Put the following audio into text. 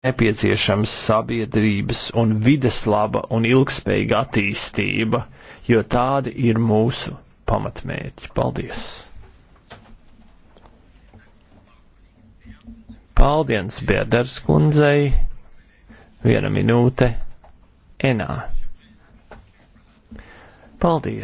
nepieciešams sabiedrības un vides laba un ilgspējīga attīstība, jo tādi ir mūsu pamatmērķi. Paldies! Paldies, Biedars kundzei! Viena minūte enā. Paldies!